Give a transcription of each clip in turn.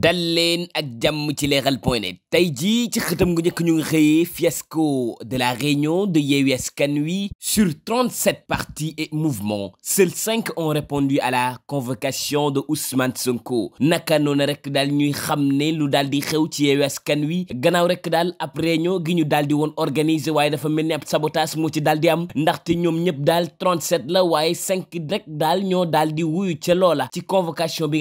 dal leen ak jàmm ci leeral point net tey jii ci xëtam gu njëkk ñu ngi xëyee fiasco de la réunion de Yewwi Askan Wi sur 37 partis et mouvements seuls 5 ont répondu à la convocation de Ousmane Sonko naka noonu rek daal ñuy xam ne lu daal di xew ci Yewwi Askan Wi gannaaw rek daal ab réunion gi ñu daal di woon organiser waaye dafa mel ni ab sabotage moo ci daal di am ndaxte ñoom ñëpp daal 37 la waaye cinq rek daal ñoo daal di wuyu ca loola ci convocation bi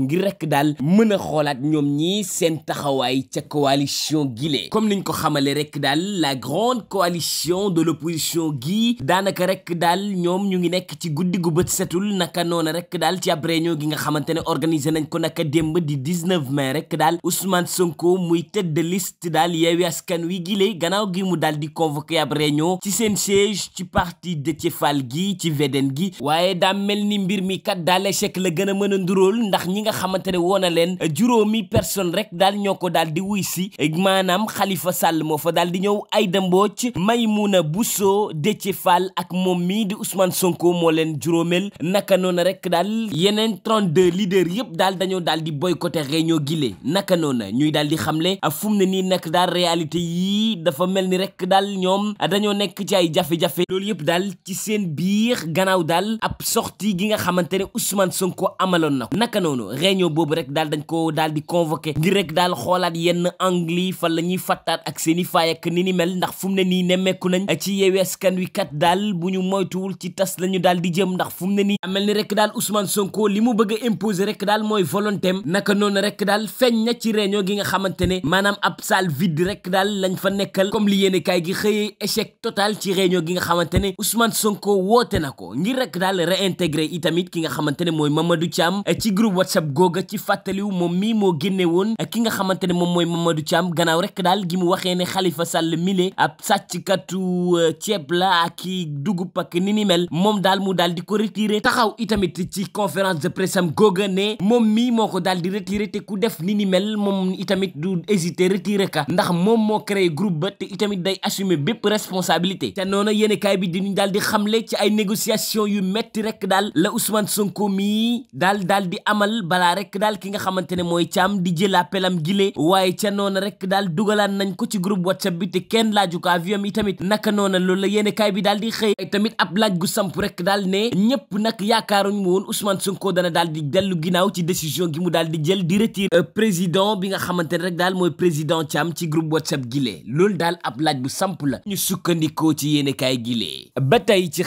ngir rek daal mën a xoolaat ñoom ñi seen taxawaay ca coalition gile comme niñ ko xamale rek daal la grande coalition de l'opposition gii daanaka rek daal ñoom ñu ngi nekk ci guddi gu bët setul naka noona rek daal ci ab réunion gi nga xamante ne organisé nañ ko naka démb di 19 mai rek daal Ousmane Sonko muy tête de liste daal Yewwi Askan Wi gile gannaaw gi mu daal di convoqué ab réunion ci seen siège ci parti Déthié Fall gi ci VDN gi waaye daa mën nga xamante ne woon na leen juróomi personne rek daal ñoo ko daal di wuy si maanaam xalifa Sall moo fa daal di ñëw Aïda Mbodj Maymouna Bousso Déthié Fall ak moom mii di Ousmane Sonko moo leen juróomeel naka noonu rek daal yeneen de leaders yëpp daal dañoo daal di boycotté réunion gile naka noonu ñuy daal di xamle fu mu ne nii nag daal réalité yii dafa mel ni rek daal ñoom dañoo nekk ci ay jafe-jafe loolu yëpp daal ci seen biir gannaaw daal a sortie gi nga xamante ne Ousmane Sonko réunion boobu rek daal dañ ko daal di convoqué ngir rek daal xoolaat yenn anglais fan la ñuy fattaat ak seen i faay ak ni ni mel ndax fu mu ne nii nemmeeku nañ ci yeewee askan wi kat daal bu ñu moytuwul ci tas la ñu daal di jëm ndax fu mu ne nii amel ni rek daal Ousmane Sonko li mu bëgg a imposer daal mooy volonté am noonu rek daal feeñ na ci réunion gi nga xamante ne maanaam ab salle vide rek daal lañ fa nekkal comme li yéene kaay gi xëyee échec total ci réunion gi nga xamante ne Ousmane Sonko woote na ko ngir rek daal réintégrer itamit ki nga xamante ne mooy Mamadou Thiam ci groupe WhatsApp bërëb googa ci fàttaliw moom mii moo génne woon ki nga xamante ne moom mooy Mamadou Thiam gannaaw rek daal gi mu waxee ne Khalifa Sall mile ab sàcckatu euh, ceeb la ak dugub ak ni ni mel moom daal mu daal di ko retiré taxaw itamit ci conférence de presse am moom mii moo ko daal di retiré te ku def ni ni mel moom itamit du hésité retiré ka ndax moom moo créé groupe ba te itamit day assumer bépp responsabilité te noonu yéen kaay bi diñu daal di xamle ci ay négociation yu metti rek daal la Ousmane Sonko mii daal daal di amal laala rek daal ki nga xamante ne mooy caam di jël appelam gile waaye ca noona rek daal dugalaan nañ ko ci groupe whatsapp bi te kenn laaju ko avion yi tamit naka noona loolu la yéene bi daal di xëy tamit ab laaj gu samp rek daal ne ñëpp nag yaakaaruñ mu woon Ousmane Sonko dana daal di dellu ginnaaw ci décision gi mu daal di jël di retirer euh, bi nga xamante rek daal mooy président caam ci groupe whatsapp gile loolu daal ab bu samp la ñu sukkandikoo ci yéene kaay gile ba tey ci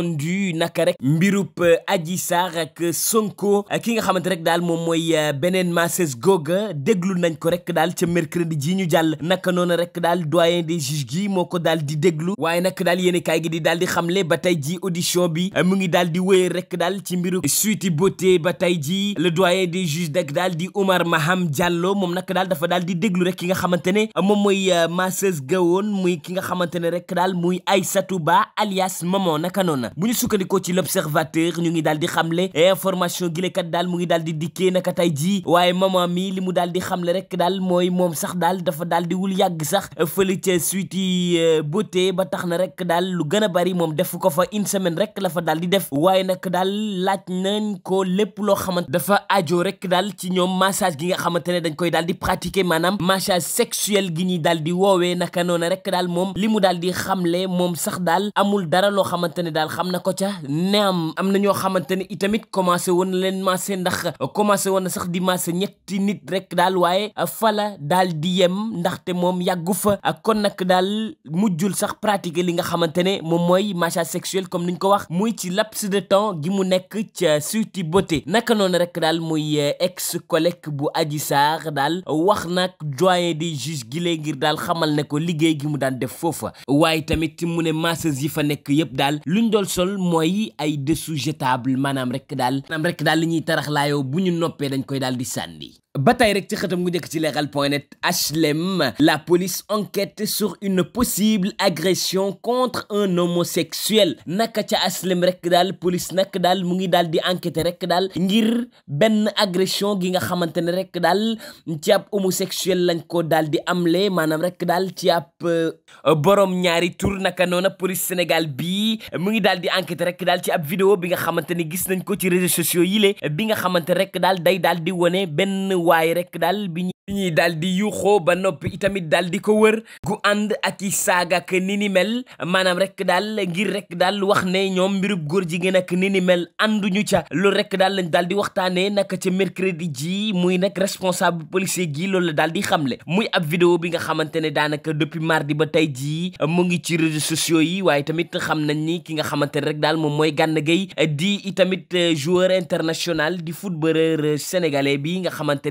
tendu naka rek mbirub euh, Adji Sarr ak Sonko euh, ki nga xamante rek daal moom mooy euh, beneen masseuse googa déglu nañ ko rek daal ca mercredi ji ñu jàll naka noonu rek daal doyen des juges gi moo ko daal di déglu waaye nag daal yéen gi di daal di xamle ba tey ji audition bi mu ngi daal di wéy rek daal ci mbirub Sweety Beauté ba tey ji le doyen de juges nag daal di Oumar Maham Diallo moom naka daal dafa daal di déglu rek ki nga xamante ne moom mooy masseuse gawoon muy ki nga xamante ne rek daal muy Aïssatou Ba alias Maman naka noonu bu ñu sukkandikoo ci l'observateur ñu ngi daal di xamle information gilekat daal mu ngi daal di dikkee naka tey jii waaye maman mi li mu daal di xamle rek daal mooy moom sax dafa daal di wul yàgg sax fële ca suite yi beauté ba tax na rek daal lu gën a bari moom def ko fa une semaine rek la daal di def waaye nag daal laaj nañ ko lépp loo xamante dafa aajoo rek daal ci ñoom massage gi nga xamante ne dañ koy daal di pratiquer maanaam massage sexuel gi ñuy daal di woowee naka noonu rek daal moom li mu daal di xamle moom sax daal amul dara loo xamante ne daal xam na ko ca naam am na ñoo xamante ne itamit commencé woon na leen maase ndax commencé woon na sax di maase ñetti nit rek daal waaye fala daal di yem ndaxte moom yàggu fa kon nag daal mujjul sax pratique li nga xamante ne moom mooy massage sexuel comme ni ñu ko wax muy ci laps de temps gi mu nekk ca Sweety Beauté naka noonu rek daal muy eh, ex collègue bu Adji Sarr daal wax nag doyen des juges gi lee ngir daal xamal ne ko liggéey gi mu daan def foofa waaye tamit mu yi fa nekk yëpp sol mooy ay dessous jetable maanaam rek daal maanaam rek daal li ñuy tarax laayoo bu ñu noppee dañ koy daal di sànni ba tey rek ci xëtam gu njëkk ci leral point net HLM la police enquête sur une possible agression contre un homosexuel naka ca HLM rek daal police nag daal mu ngi daal di enquêter rek daal ngir benn agression gi nga xamante ne rek daal ci ab homosexuel lañ ko daal di amle maanaam rek daal ci ab euh, borom ñaari tur naka noona police Sénégal bii mu ngi daal di enquêter rek daal ci ab vidéo bi nga xamante ne gis nañ ko ci réseaux sociaux bi nga xamante rek daal day daal di wone benn waaye rek daal bi ñuy daal di yuuxoo ba noppi itamit daal di ko wër gu ànd ak i saaga ak ni mel maanaam rek daal ngir rek daal wax ne ñoom mbirub góor jigéen ak ni ni mel ànduñu ca loolu rek daal lañ daal di waxtaanee naka ca mercredi ji muy nag responsable policier gi loolu la daal di xamle muy ab vidéo bi nga xamante ne daanaka depuis mardi ba tey ji mu ngi ci réseaux sociaux yi waaye tamit xam nañ ni ki nga xamante ne rek daal moom mooy Gana Gueye di itamit joueur international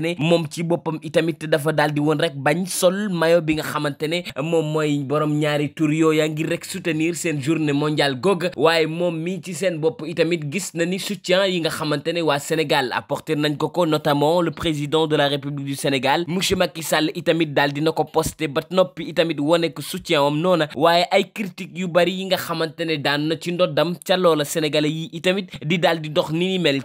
xamante ne moom ci boppam itamit dafa daal di woon rek bañ sol mayo bi nga xamante ne moom mooy borom ñaari tur ya ngir rek soutenir seen journée mondial goog waaye moom mii ci seen bopp itamit gis na ni soutien yi nga xamante ne waa Sénégal apporter nañ ko ko notamment le président de la République du Sénégal monsieur Macky Sall itamit daal dina ko posté ba noppi itamit wane ko soutien am noona waaye ay critique yu bari yi nga xamante ne daan na ci ndoddam ca loola sénégalais yi itamit di daal di dox ni ni mel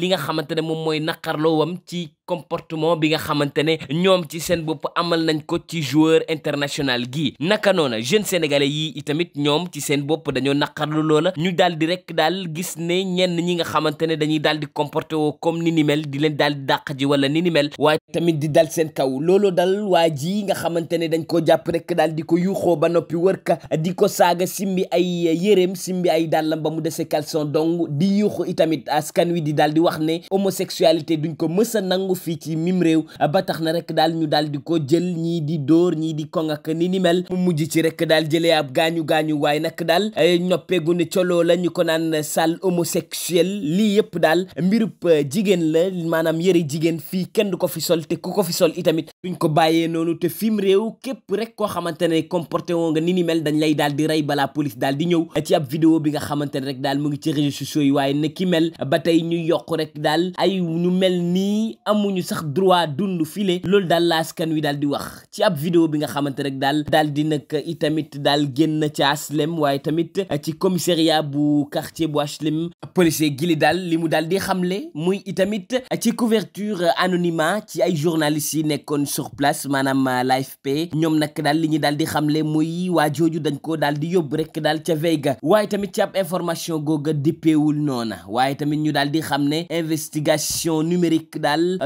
li nga xamante ne moom mooy naqarloowam ci comportement bi nga xamante ne ñoom ci seen bopp amal nañ ko ci joueur international gi naka noona jeune sénégalais yi itamit ñoom ci seen bopp dañoo naqarlu loola ñu daal di rek daal gis ne ñenn ñi nga xamante ne dañuy daal di comporté woo comme ni ni mel di leen daal di dàq ji wala ni ni mel waaye tamit di dal seen kaw looloo dal waa ji nga xamante ne dañ koo jàpp rek daal di ko yuuxoo ba noppi wër ka di ko saaga simbi ay yéreem simbi ay dàllam ba mu dese caleçon dong di yuuxu itamit askan wi di daal di wax ne homosexualité ko mës a nangu fii ci mim réew ba tax na rek daal ñu daal di ko jël ñii di dóor ñii di kong ak ni ni mel mu mujj ci rek daal jëlee ab gaañu gaañu waaye nag daal noppeegu ne coloo la ñu ko naan sale homosexuel lii yëpp daal mbirub euh, jigéen la maanaam yëre jigéen fii kenn du ko fi sol te ku ko fi sol itamit duñ ko bàyyee noonu te fim réew képp rek koo xamante ne comporté woo nga ni ni mel dañ lay daal di rey balaa police daal di ñëw ci ab vidéo bi nga xamante ne rek daal mu ngi ci réseaux sociaux yi waaye ne mel ba tey ñu yokk rek daal ay ñu mel nii amu amuñu sax droit dund file loolu daal la askan wi daal di wax ci ab vidéo bi nga xamante rek daal daal di nag itamit daal génn ca aslem waaye tamit ci commissariat bu quartier bu aslem policier gili daal li mu daal di xamle muy itamit ci couverture anonymat ci ay journalistes yi nekkoon sur place maanaam l'AFP ñoom nag daal li ñu daal di xamle muy waa jooju dañ ko dal di yóbbu rekk daal ca Vega waaye tamit ci ab information googa dippeewul noona waaye tamit ñu daal di xam ne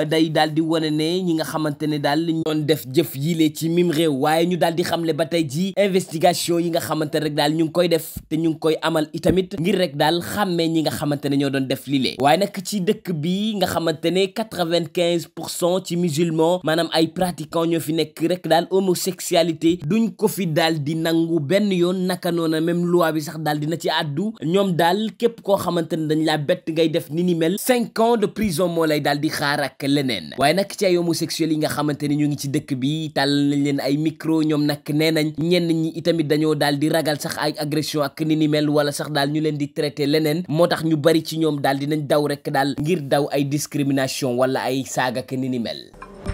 day daal di wane ne ñi nga xamante ne daal ñu doon def jëf yile ci mim réew waaye ñu daal di xamle ba tey ji investigation yi nga xamante rek daal ñu ngi koy def te ñu ngi koy amal itamit ngir rek daal xàmmee ñi nga xamante ne ñoo doon def lile waaye nag ci dëkk bi nga xamante ne quatre-vingt-quinze pour cent ci musulmans maanaam ay pratiquants ñoo fi nekk rek daal homosexualité duñ ko fi daal di nangu benn yoon naka noona même loi bi sax daal dina ci àddu ñoom daal képp koo xamante ne dañ laa bett ngay def ni ni mel cinq ans de prison moo lay daal di xaar leneen waaye nag ci ay homosexuels yi nga xamante ne ñu ngi ci dëkk bi tàll nañ leen ay micro ñoom nag nee nañ ñenn ñi itamit dañoo daal di ragal sax ay agression ak ni ni mel wala sax daal ñu leen di traité leneen moo tax ñu bari ci ñoom daal dinañ daw rek daal ngir daw ay discrimination wala ay saaga ak ni